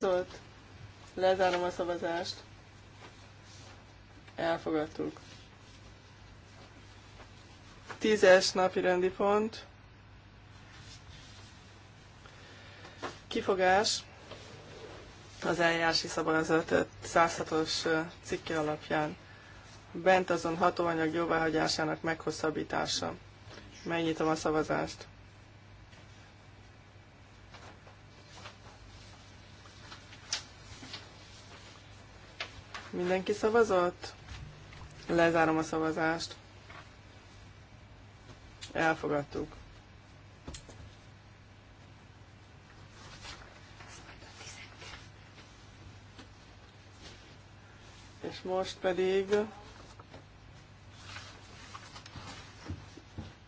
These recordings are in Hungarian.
Szólt. Lezárom a szavazást. Elfogadtuk. Tízes napi rendi pont. Kifogás az eljárási szabályzat 106-os cikke alapján bent azon hatóanyag jóváhagyásának meghosszabbítása. Megnyitom a szavazást. Mindenki szavazott? Lezárom a szavazást. Elfogadtuk. És most pedig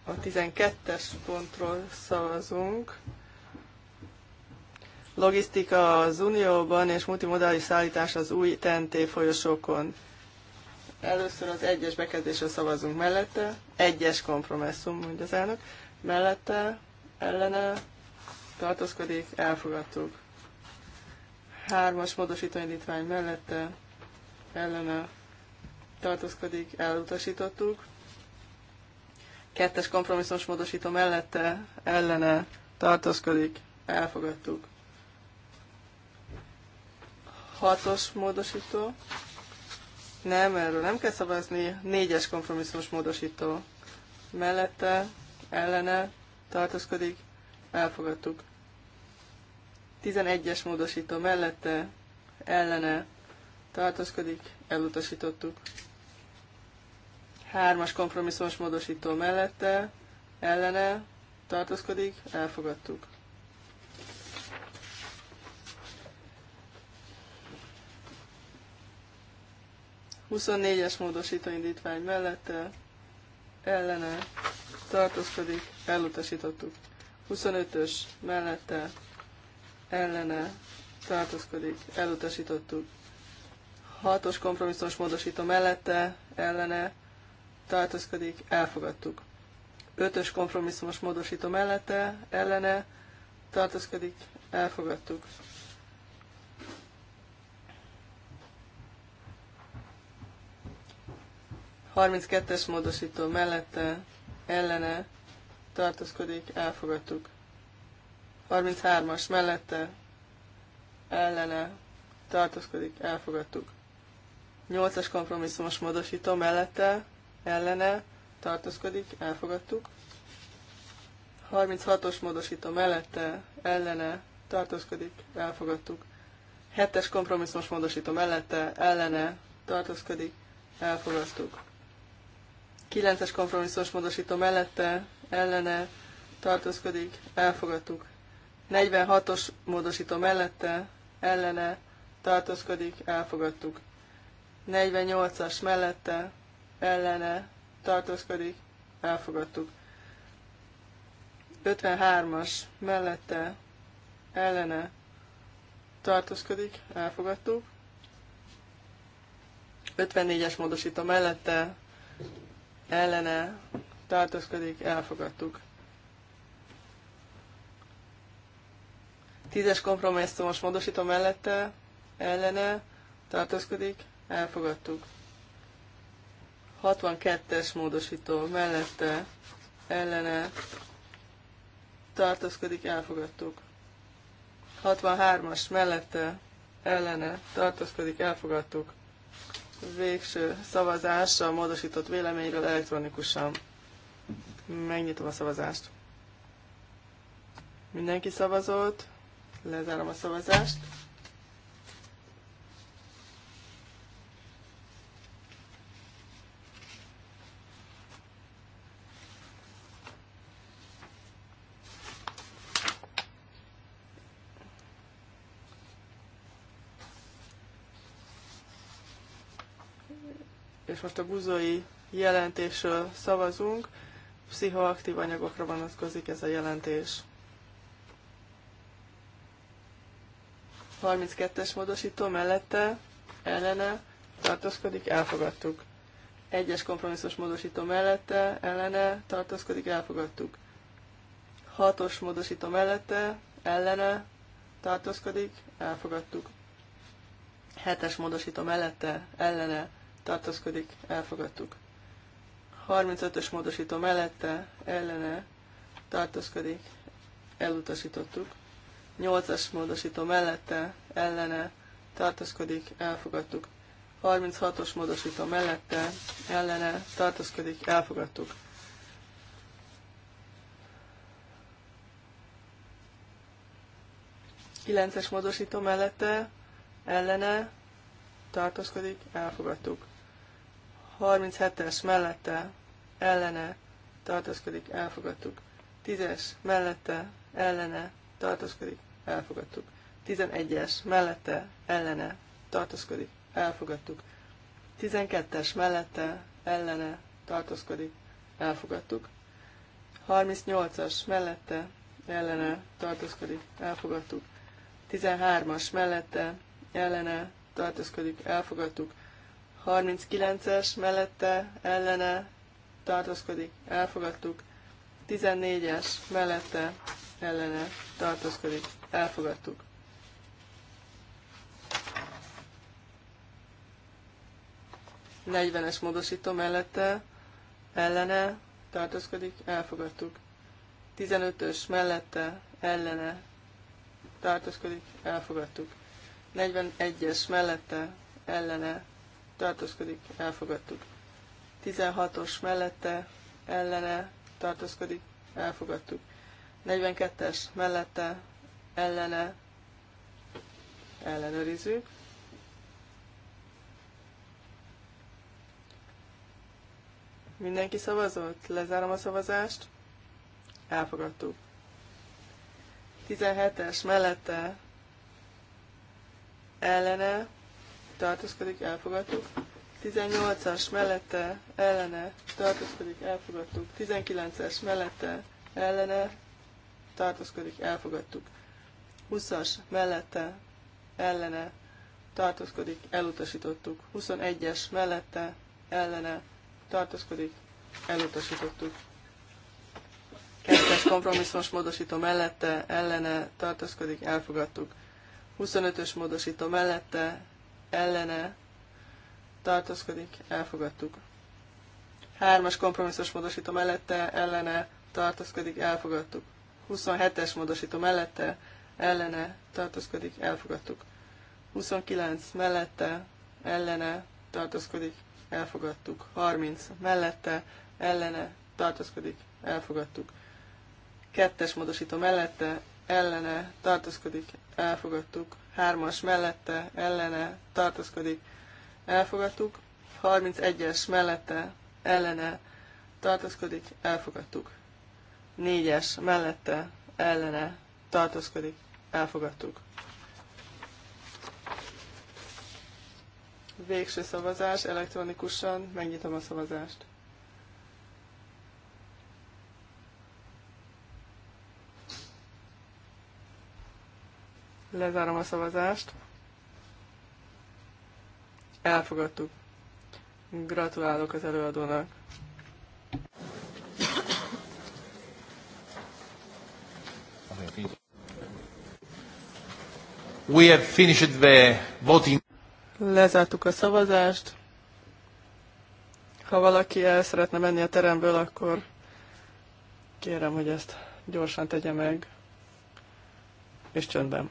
a 12-es pontról szavazunk logisztika az Unióban és multimodális szállítás az új TNT folyosókon. Először az egyes bekezdésre szavazunk mellette, egyes kompromisszum, mondja az elnök, mellette, ellene, tartózkodik, elfogadtuk. Hármas módosítóindítvány mellette, ellene, tartózkodik, elutasítottuk. Kettes kompromisszumos módosító mellette, ellene, tartózkodik, elfogadtuk. Hatos módosító. Nem, erről nem kell szavazni. Négyes kompromisszumos módosító. Mellette, ellene, tartózkodik, elfogadtuk. 11-es módosító mellette, ellene, tartózkodik, elutasítottuk. 3-as kompromisszumos módosító mellette, ellene, tartózkodik, elfogadtuk. 24-es módosító indítvány mellette ellene tartózkodik, elutasítottuk. 25-ös mellette ellene tartózkodik, elutasítottuk. 6-os kompromisszumos módosító mellette ellene tartózkodik, elfogadtuk. 5-ös kompromisszumos módosító mellette ellene tartózkodik, elfogadtuk. 32-es módosító mellette ellene tartózkodik, elfogadtuk. 33-as mellette ellene tartózkodik, elfogadtuk. 8-as kompromisszumos módosító mellette ellene tartózkodik, elfogadtuk. 36-os módosító mellette ellene tartózkodik, elfogadtuk. 7-es kompromisszumos módosító mellette ellene tartózkodik, elfogadtuk. 9-es kompromisszós módosító mellette ellene tartózkodik, elfogadtuk. 46-os módosító mellette ellene tartózkodik, elfogadtuk. 48-as mellette ellene tartózkodik, elfogadtuk. 53-as mellette ellene tartózkodik, elfogadtuk. 54-es módosító mellette ellene tartózkodik, elfogadtuk. Tízes kompromisszumos módosító mellette ellene tartózkodik, elfogadtuk. 62-es módosító mellette ellene tartózkodik, elfogadtuk. 63-as mellette ellene tartózkodik, elfogadtuk. Végső szavazás a módosított véleményről elektronikusan. Megnyitom a szavazást. Mindenki szavazott. Lezárom a szavazást. És most a buzói jelentésről szavazunk. Pszichoaktív anyagokra vonatkozik ez a jelentés. 32-es módosító mellette, ellene, tartózkodik, elfogadtuk. Egyes kompromisszus módosító mellette, ellene, tartózkodik, elfogadtuk. Hatos módosító mellette, ellene, tartózkodik, elfogadtuk. Hetes módosító mellette, ellene, tartózkodik, elfogadtuk. 35-ös módosító mellette, ellene, tartózkodik, elutasítottuk. 8-as módosító mellette, ellene, tartózkodik, elfogadtuk. 36-os módosító mellette, ellene, tartózkodik, elfogadtuk. Kilences módosító mellette, ellene, tartózkodik, elfogadtuk. 37-es mellette ellene tartózkodik, elfogadtuk. 10-es mellette ellene tartózkodik, elfogadtuk. 11-es mellette ellene tartózkodik, elfogadtuk. 12-es mellette ellene tartózkodik, elfogadtuk. 38-as mellette ellene tartózkodik, elfogadtuk. 13-as mellette ellene tartózkodik, elfogadtuk. 39-es mellette ellene tartózkodik, elfogadtuk. 14-es mellette ellene tartózkodik, elfogadtuk. Negyvenes módosító mellette ellene tartózkodik, elfogadtuk. 15-ös mellette ellene tartózkodik, elfogadtuk. 41-es mellette ellene tartózkodik, elfogadtuk. 16-os mellette, ellene, tartózkodik, elfogadtuk. 42-es mellette, ellene, ellenőrizzük. Mindenki szavazott? Lezárom a szavazást. Elfogadtuk. 17-es mellette, ellene, tartózkodik, elfogadtuk. 18-as mellette, ellene, tartózkodik, elfogadtuk. 19-es mellette, ellene, tartózkodik, elfogadtuk. 20-as mellette, ellene, tartózkodik, elutasítottuk. 21-es mellette, ellene, tartózkodik, elutasítottuk. 2-es kompromisszumos módosító mellette, ellene, tartózkodik, elfogadtuk. 25-ös módosító mellette, ellene tartózkodik, elfogadtuk. Hármas kompromisszos módosító mellette, ellene tartózkodik, elfogadtuk. 27-es módosító mellette, ellene tartózkodik, elfogadtuk. 29 mellette, ellene tartózkodik, elfogadtuk. 30 mellette, ellene tartózkodik, elfogadtuk. Kettes módosító mellette, ellene tartozkodik, elfogadtuk. Hármas mellette ellene tartozkodik, elfogadtuk. 31-es mellette ellene tartozkodik, elfogadtuk. 4-es mellette ellene tartozkodik, elfogadtuk. Végső szavazás elektronikusan, megnyitom a szavazást. Lezárom a szavazást. Elfogadtuk. Gratulálok az előadónak. We have finished the voting. Lezártuk a szavazást. Ha valaki el szeretne menni a teremből, akkor kérem, hogy ezt gyorsan tegye meg, és csöndben.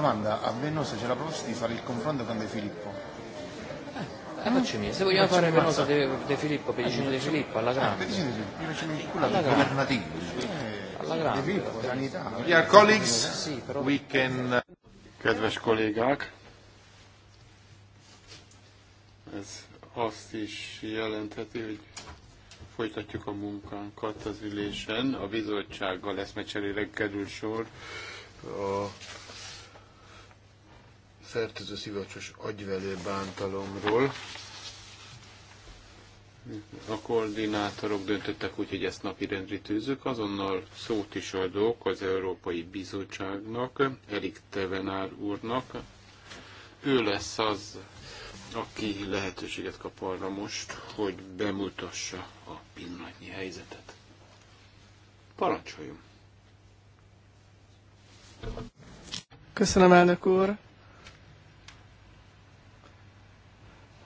Domanda, a Venosa c'è la proposta di fare il confronto con De Filippo. Eh, eh, mia, se vogliamo fare Venosa De, De Filippo, Pedicino eh, De Filippo, alla eh, grande. Pedicino De Filippo, quella governativo. Alla eh, grande. De Filippo, sanità. Dear colleagues, sì, però... we can... Uh, kedves kollégák, ez azt is jelentheti, hogy folytatjuk a munkánkat az ülésen. A bizottsággal eszmecserére kerül sor a fertőző szivacsos agyvelő bántalomról. A koordinátorok döntöttek úgy, hogy ezt rendre tűzök. Azonnal szót is adok az Európai Bizottságnak, Erik Tevenár úrnak. Ő lesz az, aki lehetőséget kap arra most, hogy bemutassa a pillanatnyi helyzetet. Parancsoljon! Köszönöm, elnök úr!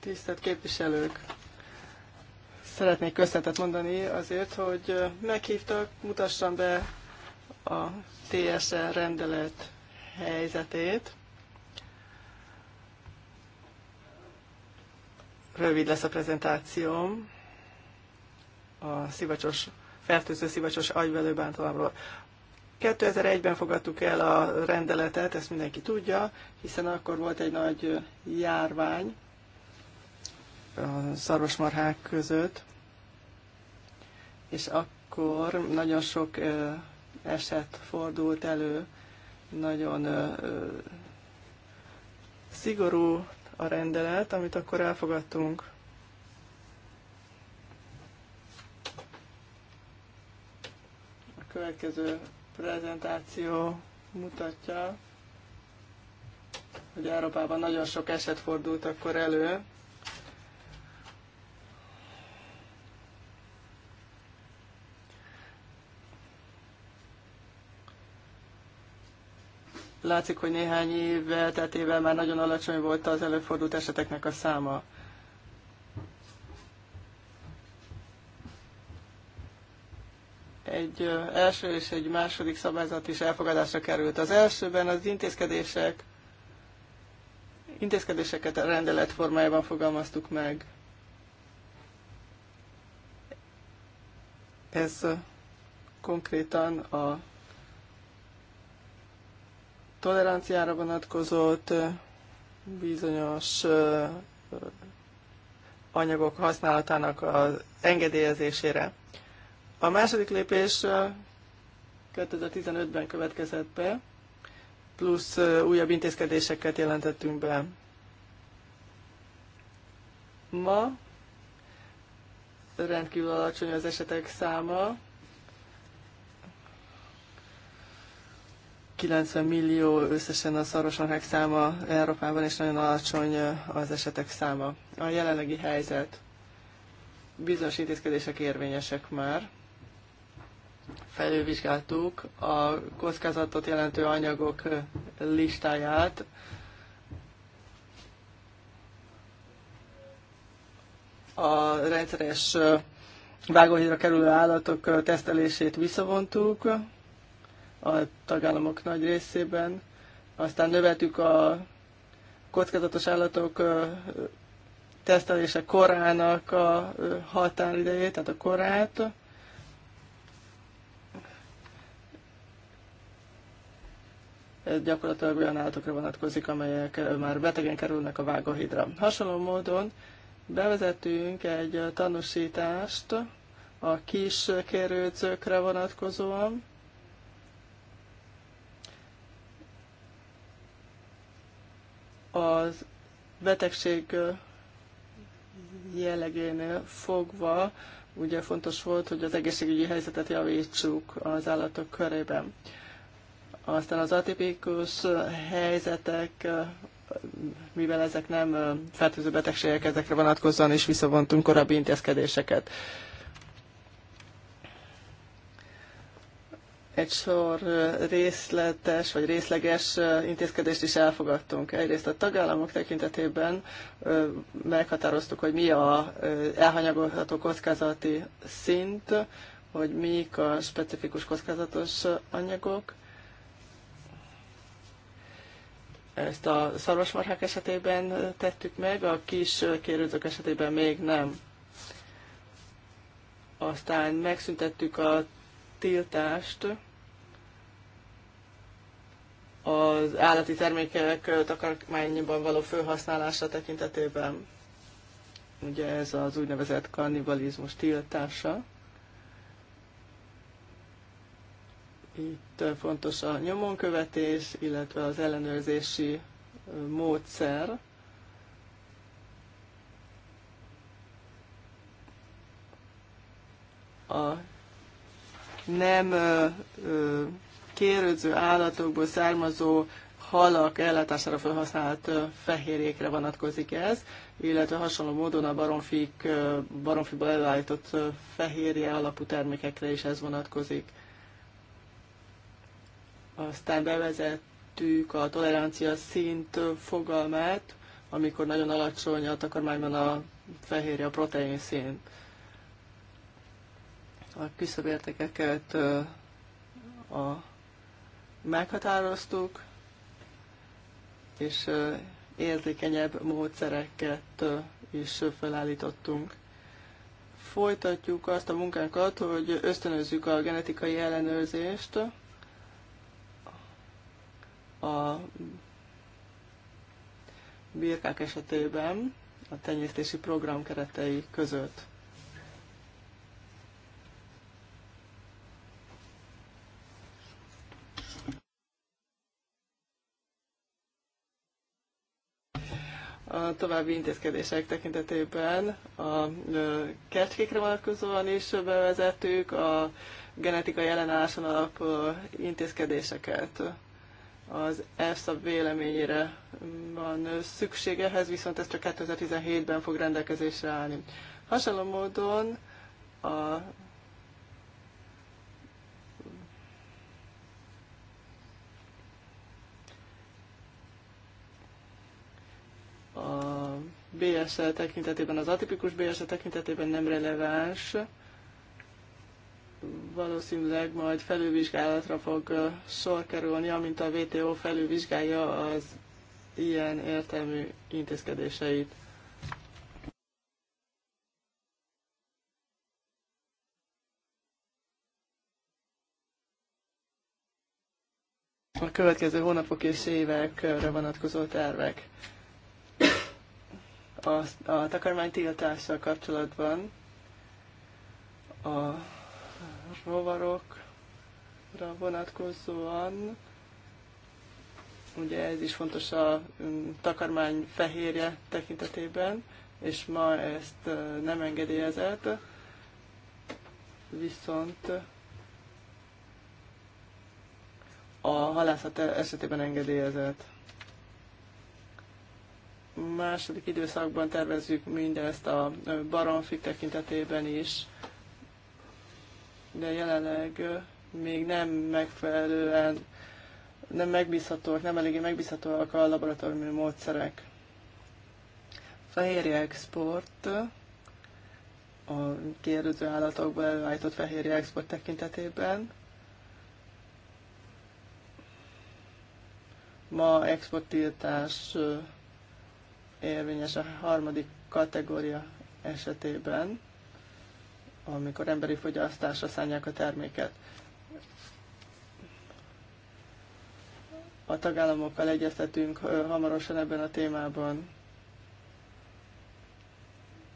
tisztelt képviselők! Szeretnék köszönetet mondani azért, hogy meghívtak, mutassam be a TSL rendelet helyzetét. Rövid lesz a prezentációm a szivacsos, fertőző szivacsos agyvelő 2001-ben fogadtuk el a rendeletet, ezt mindenki tudja, hiszen akkor volt egy nagy járvány, a szarvasmarhák között, és akkor nagyon sok eset fordult elő, nagyon szigorú a rendelet, amit akkor elfogadtunk. A következő prezentáció mutatja, hogy Európában nagyon sok eset fordult akkor elő, látszik, hogy néhány év elteltével már nagyon alacsony volt az előfordult eseteknek a száma. Egy első és egy második szabályzat is elfogadásra került. Az elsőben az intézkedések intézkedéseket a rendelet formájában fogalmaztuk meg. Ez konkrétan a toleranciára vonatkozott bizonyos anyagok használatának az engedélyezésére. A második lépés 2015-ben következett be, plusz újabb intézkedéseket jelentettünk be. Ma rendkívül alacsony az esetek száma, 90 millió összesen a szarvasmarhák száma Európában, és nagyon alacsony az esetek száma. A jelenlegi helyzet bizonyos intézkedések érvényesek már. Felülvizsgáltuk a kockázatot jelentő anyagok listáját. A rendszeres vágóhídra kerülő állatok tesztelését visszavontuk, a tagállamok nagy részében. Aztán növeltük a kockázatos állatok tesztelése korának a határidejét, tehát a korát. Ez gyakorlatilag olyan állatokra vonatkozik, amelyek már betegen kerülnek a vágóhidra. Hasonló módon bevezetünk egy tanúsítást a kis kérőcökre vonatkozóan, az betegség jellegénél fogva ugye fontos volt, hogy az egészségügyi helyzetet javítsuk az állatok körében. Aztán az atipikus helyzetek, mivel ezek nem fertőző betegségek, ezekre vonatkozóan is visszavontunk korábbi intézkedéseket. egy sor részletes vagy részleges intézkedést is elfogadtunk. Egyrészt a tagállamok tekintetében meghatároztuk, hogy mi a elhanyagolható kockázati szint, hogy mik a specifikus kockázatos anyagok. Ezt a szarvasmarhák esetében tettük meg, a kis kérőzők esetében még nem. Aztán megszüntettük a tiltást az állati termékek takarmányban való felhasználása tekintetében. Ugye ez az úgynevezett kannibalizmus tiltása. Itt fontos a nyomonkövetés, illetve az ellenőrzési módszer. A nem kérődző állatokból származó halak ellátására felhasznált fehérjékre vonatkozik ez, illetve hasonló módon a baromfik, baromfiból előállított fehérje alapú termékekre is ez vonatkozik. Aztán bevezettük a tolerancia szint fogalmát, amikor nagyon alacsony a takarmányban a fehérje, a protein szint a küszöbértékeket a, meghatároztuk, és érzékenyebb módszereket is felállítottunk. Folytatjuk azt a munkánkat, hogy ösztönözzük a genetikai ellenőrzést a birkák esetében a tenyésztési program keretei között. a további intézkedések tekintetében a kecskékre vonatkozóan is bevezettük a genetikai ellenálláson alap intézkedéseket. Az ESZA véleményére van szükség ehhez, viszont ez csak 2017-ben fog rendelkezésre állni. Hasonló módon a a BSL tekintetében, az atipikus BSL tekintetében nem releváns. Valószínűleg majd felülvizsgálatra fog sor kerülni, amint a WTO felülvizsgálja az ilyen értelmű intézkedéseit. a következő hónapok és évekre vonatkozó tervek a, a takarmány tiltással kapcsolatban a rovarokra vonatkozóan, ugye ez is fontos a mm, takarmány fehérje tekintetében, és ma ezt nem engedélyezett, viszont a halászat esetében engedélyezett második időszakban tervezzük mindezt a baromfi tekintetében is, de jelenleg még nem megfelelően, nem megbízhatóak, nem eléggé megbízhatóak a laboratóriumi módszerek. Fehérje export, a kérdező állatokból előállított fehérje export tekintetében, ma exporttiltás érvényes a harmadik kategória esetében, amikor emberi fogyasztásra szállják a terméket. A tagállamokkal egyeztetünk hamarosan ebben a témában,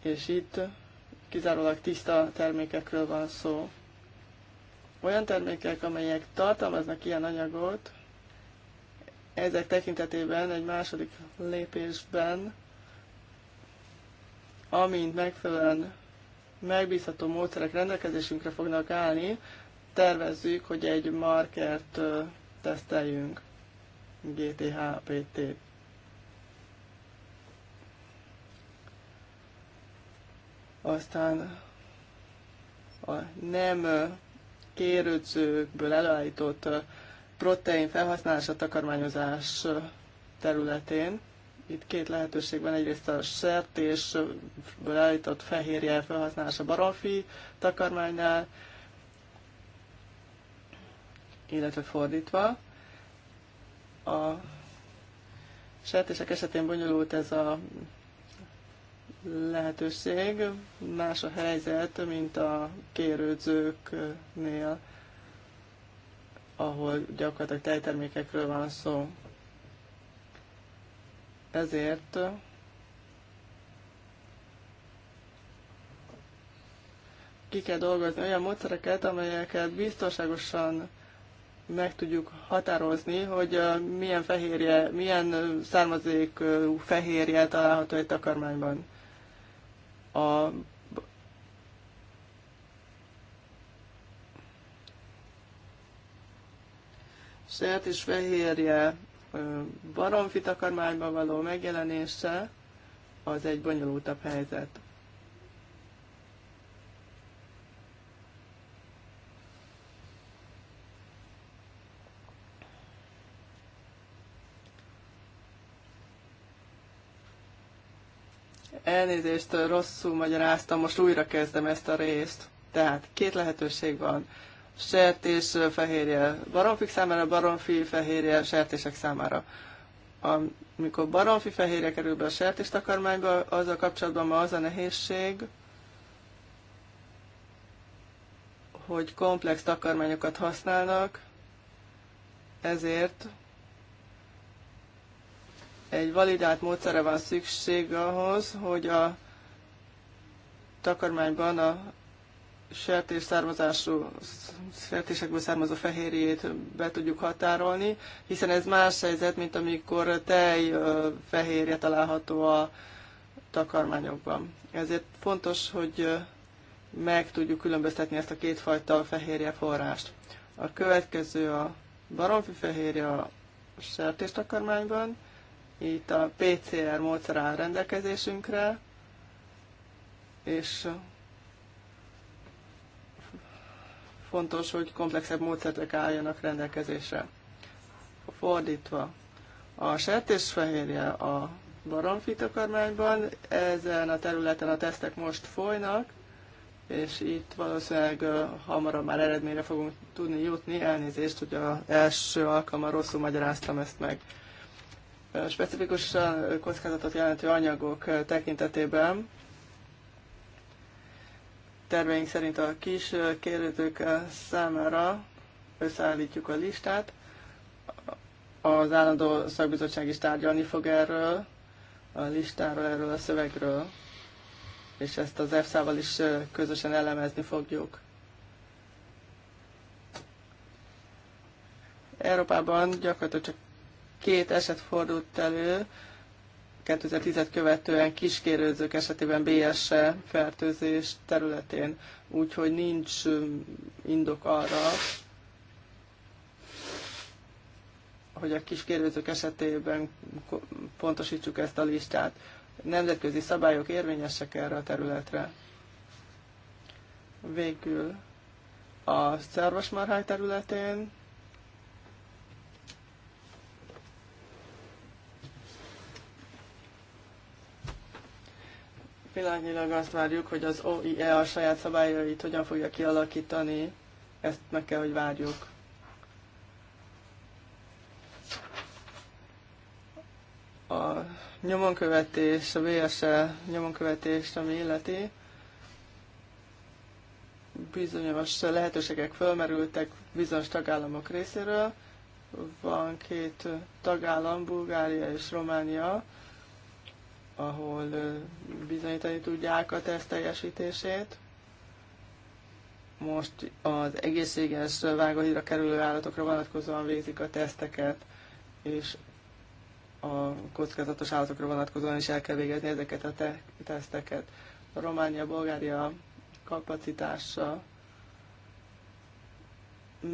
és itt kizárólag tiszta termékekről van szó. Olyan termékek, amelyek tartalmaznak ilyen anyagot, ezek tekintetében egy második lépésben, amint megfelelően megbízható módszerek rendelkezésünkre fognak állni, tervezzük, hogy egy markert teszteljünk, gthpt Aztán a nem kérődzőkből előállított protein felhasználása takarmányozás területén. Itt két lehetőség van, egyrészt a sertésből állított fehérje felhasználása baromfi takarmánynál, illetve fordítva. A sertések esetén bonyolult ez a lehetőség, más a helyzet, mint a kérődzőknél ahol gyakorlatilag tejtermékekről van szó. Ezért ki kell dolgozni olyan módszereket, amelyeket biztonságosan meg tudjuk határozni, hogy milyen fehérje, milyen származék fehérje található egy takarmányban. A sert és fehérje baromfi takarmányban való megjelenése az egy bonyolultabb helyzet. Elnézést, rosszul magyaráztam, most újra kezdem ezt a részt. Tehát két lehetőség van sertés fehérje baromfik számára, baromfi fehérje sertések számára. Amikor baromfi fehérje kerül be a az azzal kapcsolatban ma az a nehézség, hogy komplex takarmányokat használnak, ezért egy validált módszere van szükség ahhoz, hogy a takarmányban a sertés származású, sertésekből származó fehérjét be tudjuk határolni, hiszen ez más helyzet, mint amikor tej fehérje található a takarmányokban. Ezért fontos, hogy meg tudjuk különböztetni ezt a kétfajta fehérje forrást. A következő a baromfi fehérje a sertéstakarmányban, itt a PCR módszer áll rendelkezésünkre, és fontos, hogy komplexebb módszerek álljanak rendelkezésre. Fordítva, a sertésfehérje a takarmányban, ezen a területen a tesztek most folynak, és itt valószínűleg hamarabb már eredményre fogunk tudni jutni, elnézést, hogy az első alkalommal rosszul magyaráztam ezt meg. Specifikusan kockázatot jelentő anyagok tekintetében terveink szerint a kis kérőtők számára összeállítjuk a listát. Az állandó szakbizottság is tárgyalni fog erről, a listáról, erről a szövegről, és ezt az EFSA-val is közösen elemezni fogjuk. Európában gyakorlatilag csak két eset fordult elő, 2010-et követően kiskérőzők esetében BSE fertőzés területén, úgyhogy nincs indok arra, hogy a kiskérőzők esetében pontosítsuk ezt a listát. Nemzetközi szabályok érvényesek erre a területre. Végül a szarvasmarháj területén Pillanatnyilag azt várjuk, hogy az OIE a saját szabályait hogyan fogja kialakítani, ezt meg kell, hogy várjuk. A nyomonkövetés, a VSE nyomonkövetés, ami illeti, bizonyos lehetőségek fölmerültek bizonyos tagállamok részéről. Van két tagállam, Bulgária és Románia, ahol bizonyítani tudják a teszt teljesítését. Most az egészséges vágóhidra kerülő állatokra vonatkozóan végzik a teszteket, és a kockázatos állatokra vonatkozóan is el kell végezni ezeket a te- teszteket. A Románia-Bulgária kapacitása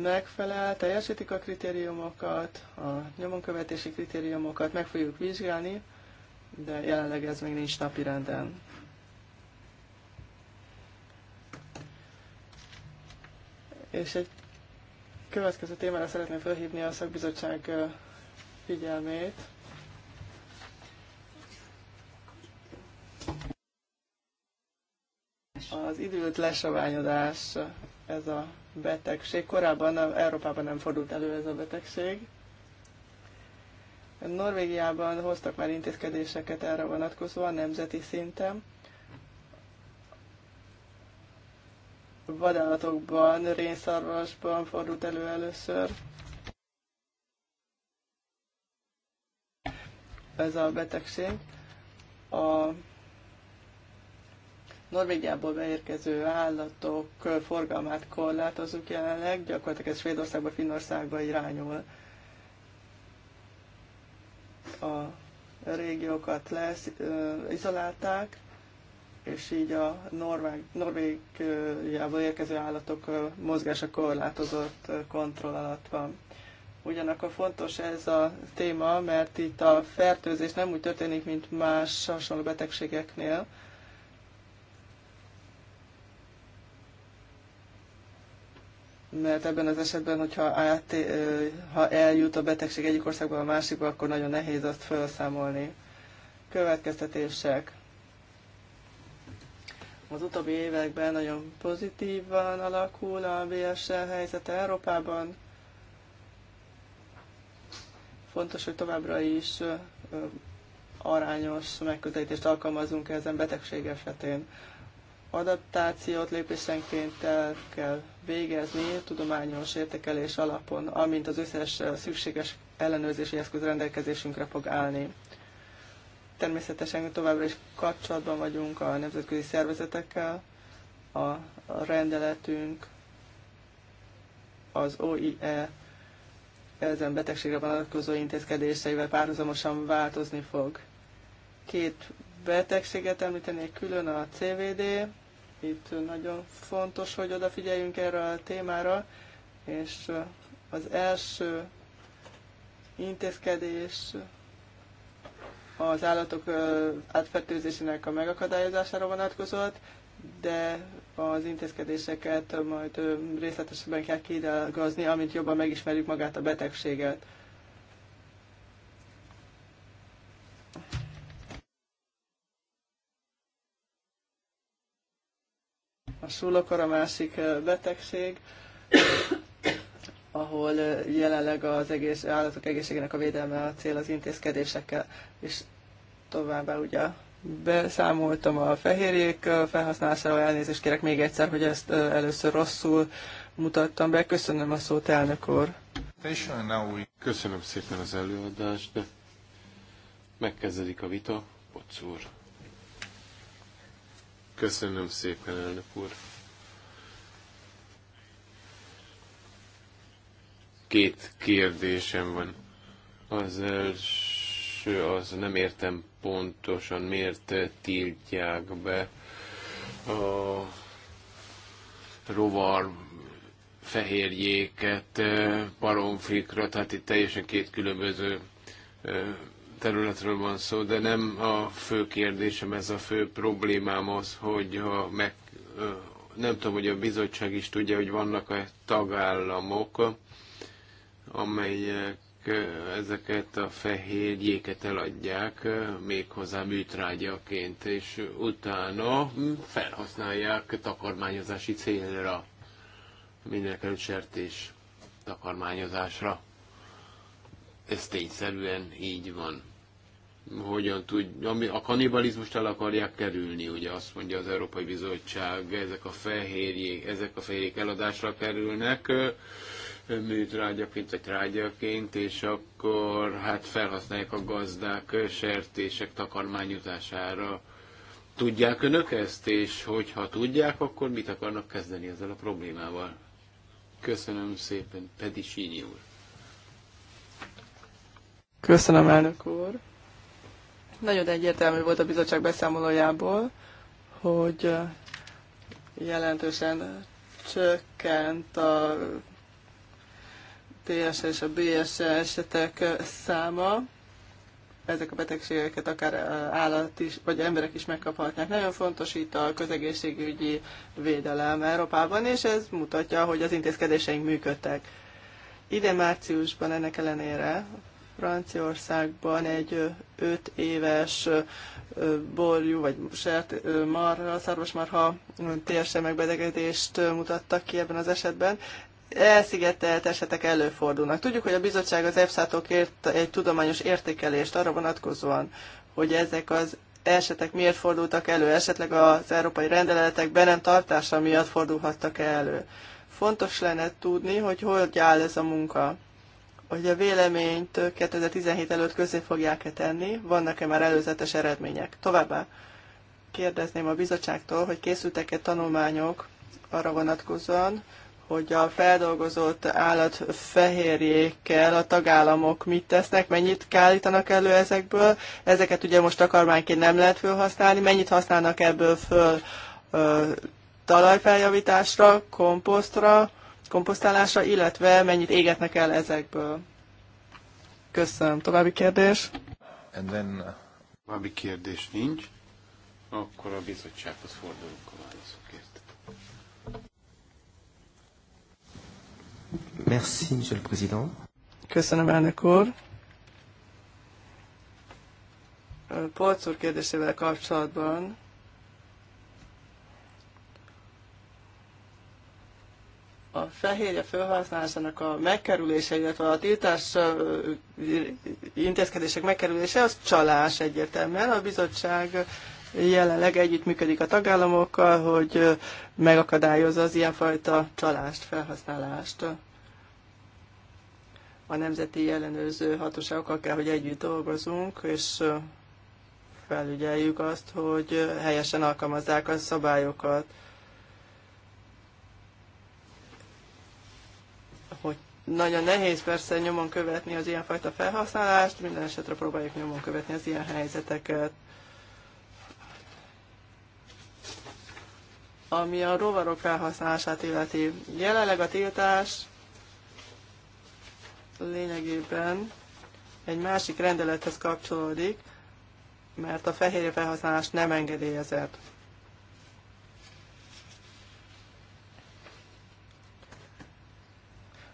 megfelel, teljesítik a kritériumokat, a nyomonkövetési kritériumokat, meg fogjuk vizsgálni, de jelenleg ez még nincs renden. És egy következő témára szeretném felhívni a szakbizottság figyelmét. Az időt lesaványodás, ez a betegség. Korábban Európában nem fordult elő ez a betegség. Norvégiában hoztak már intézkedéseket erre vonatkozóan nemzeti szinten. Vadállatokban, rénszarvasban fordult elő először. Ez a betegség. A Norvégiából beérkező állatok forgalmát korlátozunk jelenleg, gyakorlatilag ez Svédországba, Finnországba irányul a régiókat leizolálták, és így a Norvég, Norvégiából érkező állatok mozgása korlátozott kontroll alatt van. Ugyanakkor fontos ez a téma, mert itt a fertőzés nem úgy történik, mint más hasonló betegségeknél, mert ebben az esetben, hogyha át, ha eljut a betegség egyik országban a másikba, akkor nagyon nehéz azt felszámolni. Következtetések. Az utóbbi években nagyon pozitívan alakul a VSL helyzet Európában. Fontos, hogy továbbra is arányos megközelítést alkalmazunk ezen betegség esetén. Adaptációt lépésenként el kell végezni tudományos értékelés alapon, amint az összes eh, szükséges ellenőrzési eszköz rendelkezésünkre fog állni. Természetesen továbbra is kapcsolatban vagyunk a nemzetközi szervezetekkel, a rendeletünk az OIE ezen betegségre vonatkozó intézkedéseivel párhuzamosan változni fog. Két betegséget említenék külön, a CVD, itt nagyon fontos, hogy odafigyeljünk erre a témára, és az első intézkedés az állatok átfertőzésének a megakadályozására vonatkozott, de az intézkedéseket majd részletesebben kell kidelgazni, amint jobban megismerjük magát a betegséget. a súlokor, a másik betegség, ahol jelenleg az egész állatok egészségének a védelme a cél az intézkedésekkel, és továbbá ugye beszámoltam a fehérjék felhasználására, elnézést kérek még egyszer, hogy ezt először rosszul mutattam be. Köszönöm a szót, elnök úr. Köszönöm szépen az előadást, de megkezdedik a vita, Pocz úr. Köszönöm szépen, elnök úr. Két kérdésem van. Az első, az nem értem pontosan, miért tiltják be a rovar fehérjéket, paromfikra, eh, tehát itt teljesen két különböző eh, területről van szó, de nem a fő kérdésem, ez a fő problémám az, hogy ha meg, nem tudom, hogy a bizottság is tudja, hogy vannak-e tagállamok, amelyek ezeket a fehérjéket eladják, méghozzá műtrágyaként, és utána felhasználják takarmányozási célra, mindenkelőtt sertés takarmányozásra. Ez tényszerűen így van hogyan tud, ami a kanibalizmust el akarják kerülni, ugye azt mondja az Európai Bizottság, ezek a fehérjék, ezek a fehérjék eladásra kerülnek, műtrágyaként vagy trágyaként, és akkor hát felhasználják a gazdák sertések takarmányutására. Tudják önök ezt, és hogyha tudják, akkor mit akarnak kezdeni ezzel a problémával? Köszönöm szépen, Pedi Sínyi úr. Köszönöm, elnök úr. Nagyon egyértelmű volt a bizottság beszámolójából, hogy jelentősen csökkent a TSS és a BSS esetek száma. Ezek a betegségeket akár állat is, vagy emberek is megkaphatják. Nagyon fontos itt a közegészségügyi védelem Európában, és ez mutatja, hogy az intézkedéseink működtek. Ide márciusban ennek ellenére Franciaországban egy 5 éves borjú vagy sert, marha, szarvasmarha térsemegbetegedést mutattak ki ebben az esetben. Elszigetelt esetek előfordulnak. Tudjuk, hogy a bizottság az EFSA-tól kért egy tudományos értékelést arra vonatkozóan, hogy ezek az esetek miért fordultak elő, esetleg az európai rendeletek be nem tartása miatt fordulhattak elő. Fontos lenne tudni, hogy hogy áll ez a munka hogy a véleményt 2017 előtt közé fogják-e tenni, vannak-e már előzetes eredmények. Továbbá kérdezném a bizottságtól, hogy készültek-e tanulmányok arra vonatkozóan, hogy a feldolgozott állat fehérjékkel a tagállamok mit tesznek, mennyit kállítanak elő ezekből. Ezeket ugye most takarmányként nem lehet felhasználni, mennyit használnak ebből föl ö, talajfeljavításra, komposztra, komposztálása, illetve mennyit égetnek el ezekből. Köszönöm. További kérdés? And then... Uh, További kérdés nincs. Akkor a bizottsághoz fordulunk a válaszokért. Merci, Monsieur le Président. Köszönöm, elnök úr. Polc úr kérdésével kapcsolatban fehérje felhasználásának a megkerülése, illetve a tiltás intézkedések megkerülése, az csalás egyértelműen. A bizottság jelenleg együttműködik a tagállamokkal, hogy megakadályozza az ilyenfajta csalást, felhasználást. A nemzeti ellenőrző hatóságokkal kell, hogy együtt dolgozunk, és felügyeljük azt, hogy helyesen alkalmazzák a szabályokat. Nagyon nehéz persze nyomon követni az ilyenfajta felhasználást, minden esetre próbáljuk nyomon követni az ilyen helyzeteket. Ami a rovarok felhasználását illeti, jelenleg a tiltás lényegében egy másik rendelethez kapcsolódik, mert a fehérje felhasználás nem engedélyezett.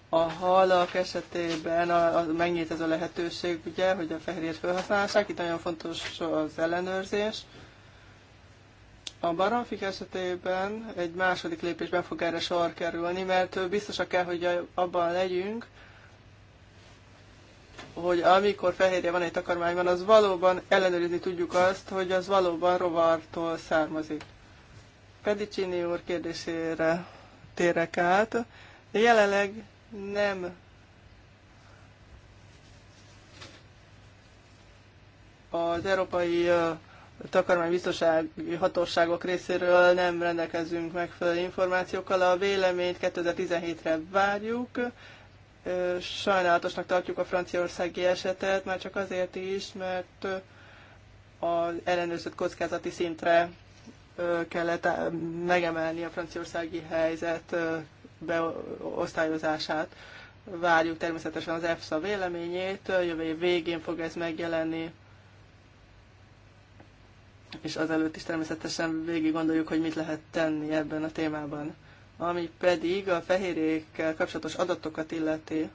a halak esetében a, a, megnyílt ez a lehetőség, ugye, hogy a fehérjét felhasználják. Itt nagyon fontos az ellenőrzés. A baromfik esetében egy második lépésben fog erre sor kerülni, mert biztosak kell, hogy abban legyünk, hogy amikor fehérje van egy takarmányban, az valóban ellenőrizni tudjuk azt, hogy az valóban rovartól származik. Pedicini úr kérdésére térek át. Jelenleg nem az európai takarmánybiztonsági hatóságok részéről nem rendelkezünk megfelelő információkkal. A véleményt 2017-re várjuk. Sajnálatosnak tartjuk a franciaországi esetet, már csak azért is, mert az ellenőrzött kockázati szintre kellett megemelni a franciaországi helyzet beosztályozását. Várjuk természetesen az EFSA véleményét, jövő év végén fog ez megjelenni, és azelőtt is természetesen végig gondoljuk, hogy mit lehet tenni ebben a témában. Ami pedig a fehérékkel kapcsolatos adatokat illeti,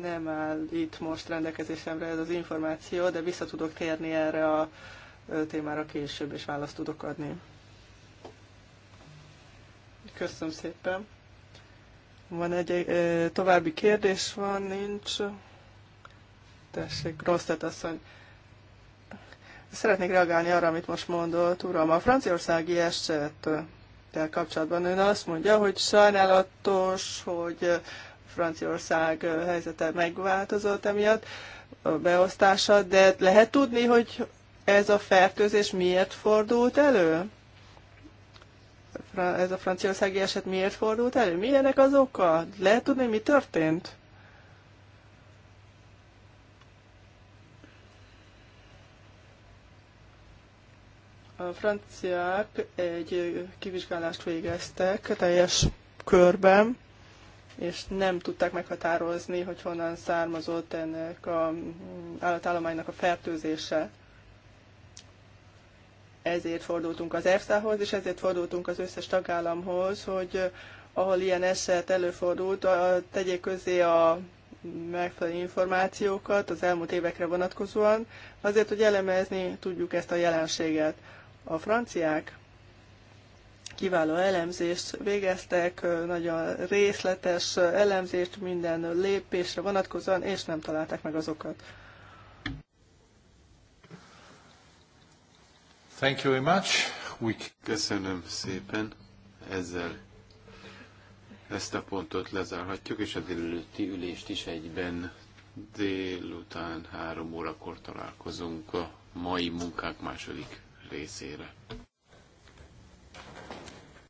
nem áll itt most rendelkezésemre ez az információ, de vissza tudok térni erre a témára később, és választ tudok adni. Köszönöm szépen. Van egy e, további kérdés, van, nincs. Tessék, tett asszony. Szeretnék reagálni arra, amit most mondott, uram. A franciaországi esettel kapcsolatban ön azt mondja, hogy sajnálatos, hogy Franciaország helyzete megváltozott emiatt a beosztása, de lehet tudni, hogy ez a fertőzés miért fordult elő? ez a franciaországi eset miért fordult elő? Mi az oka? Lehet tudni, mi történt? A franciák egy kivizsgálást végeztek teljes körben, és nem tudták meghatározni, hogy honnan származott ennek a állatállománynak a fertőzése ezért fordultunk az EFSA-hoz, és ezért fordultunk az összes tagállamhoz, hogy eh, ahol ilyen eset előfordult, tegyék közé a megfelelő információkat az elmúlt évekre vonatkozóan, azért, hogy elemezni tudjuk ezt a jelenséget. A franciák kiváló elemzést végeztek, eh, nagyon részletes elemzést minden lépésre vonatkozóan, és nem találták meg azokat. Thank you very much. We... Köszönöm szépen. Ezzel ezt a pontot lezárhatjuk, és a délelőtti ülést is egyben délután három órakor találkozunk a mai munkák második részére.